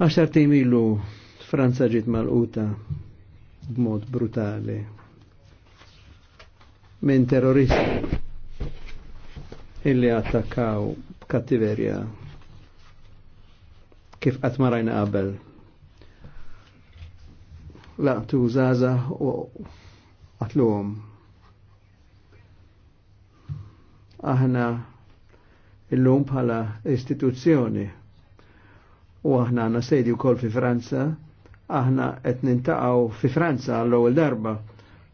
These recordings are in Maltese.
Għaxar timilu ilu Franza ġiet mal-uta b'mod brutali minn terroristi illi attakkaw b'kattiverja kif qatt ma rajna qabel. Laqtu zaza u qatluhom. Aħna illum bħala istituzzjoni u aħna għanna sedi u fi Franza, aħna qed nintaqgħu fi Franza għall-ewwel darba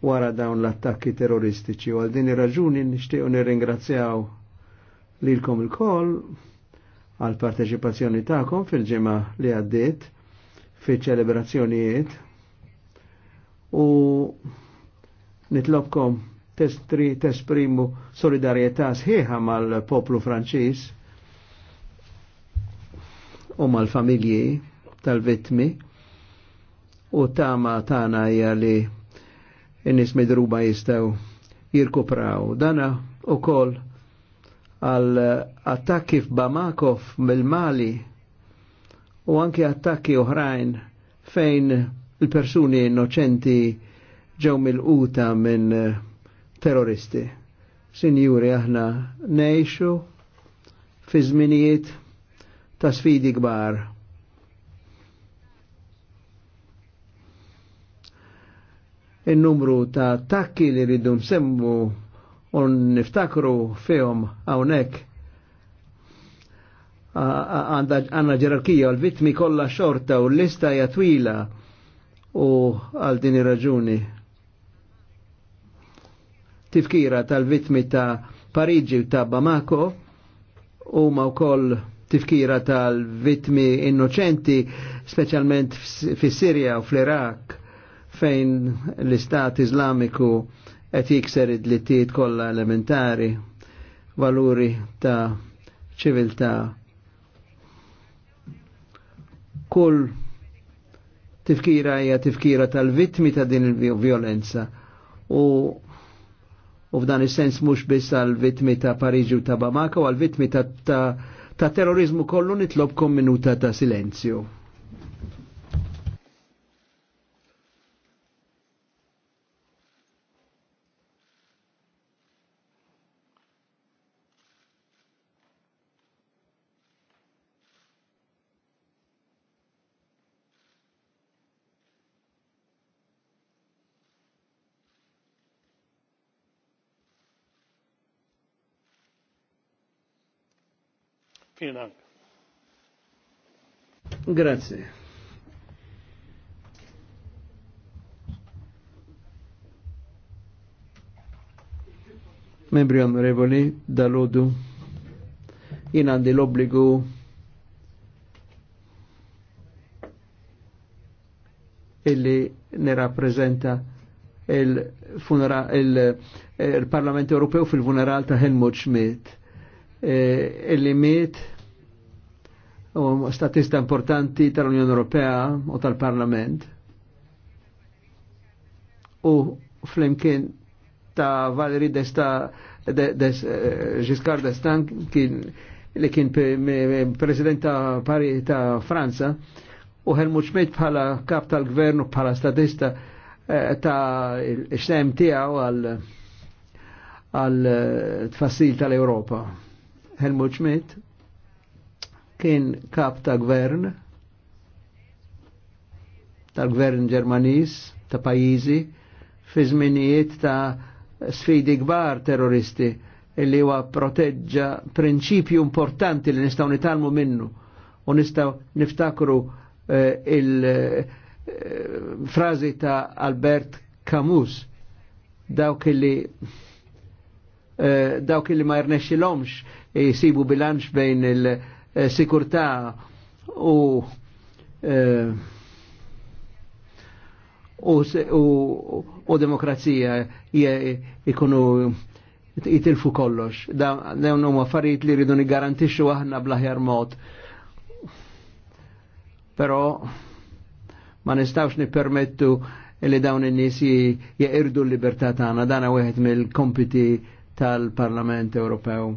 wara dawn l-attakki terroristiċi u għal din ir-raġuni nixtiequ nirringrazzjaw lilkom il-koll għal parteċipazzjoni tagħkom fil-ġimgħa li għaddiet fiċ-ċelebrazzjonijiet u nitlobkom testri tesprimu solidarjetà sħiħa mal-poplu Franċiż u mal-familji tal-vittmi u tama tana hija li n-nis midruba jistaw jirkupraw. Dana u kol għal attakki f'Bamakov mill-Mali u anki attakki oħrajn fejn il-persuni innoċenti ġew mill-quta minn eh, terroristi. Sinjuri aħna neħxu fi żminijiet ta' sfidi kbar. Il-numru ta' takki li rridu msembu un niftakru fihom hawnhekk għanna ġerarkija l vitmi kollha xorta u l-lista hija twila u għal din ir-raġuni. Tifkira tal-vitmi ta' Parigi u ta' Bamako huma wkoll tifkira tal-vitmi innoċenti, specialment fis-Sirja u fl-Iraq, fejn l-Istat Islamiku qed jikser id-drittijiet kollha elementari, valuri ta' ċiviltà. Kull tifkira hija tifkira tal-vittmi ta' din il-violenza u u f'dan is-sens mhux biss għal vittmi ta' Pariġi u ta' Bamako, għal vittmi ta', ta ta' terrorizmu kollu nitlobkom minuta ta' silenzju. Vielen Grazie. Membri onorevoli, dal in andi l'obbligo e li ne rappresenta il-Parlament il il Europeo fil-funeral ta' Helmut Schmidt il limit u statista importanti tal-Unjoni Ewropea u tal-Parlament u flimkien ta' Valeri Desta des, Giscard d'Estaing kien li kien president ta' Pari ta' Franza u Helmut Schmidt bħala kap tal-gvern u bħala statista ta' il tiegħu tijaw għal tfassil tal-Europa. Helmut Schmidt kien kap ta' gvern ta' gvern ġermanis ta' pajizi fi żminijiet ta' sfidi gbar terroristi illi huwa proteġġa prinċipju importanti li nistgħu nitalmu minnu u nistgħu niftakru eh, il-frażi eh, ta' Albert Camus dawk illi Eh, dawk li ma jrnexxilhomx jsibu bilanċ bejn il-sikurtà u eh, u demokrazija ikunu jitilfu kollox. Dawn huma affarijiet li rridu niggarantixxu aħna bl-aħjar mod. Però ma nistawx nippermettu li dawn in-nies jeqirdu l-libertà tagħna, dan wieħed mill-kompiti tal-Parlament Ewropew.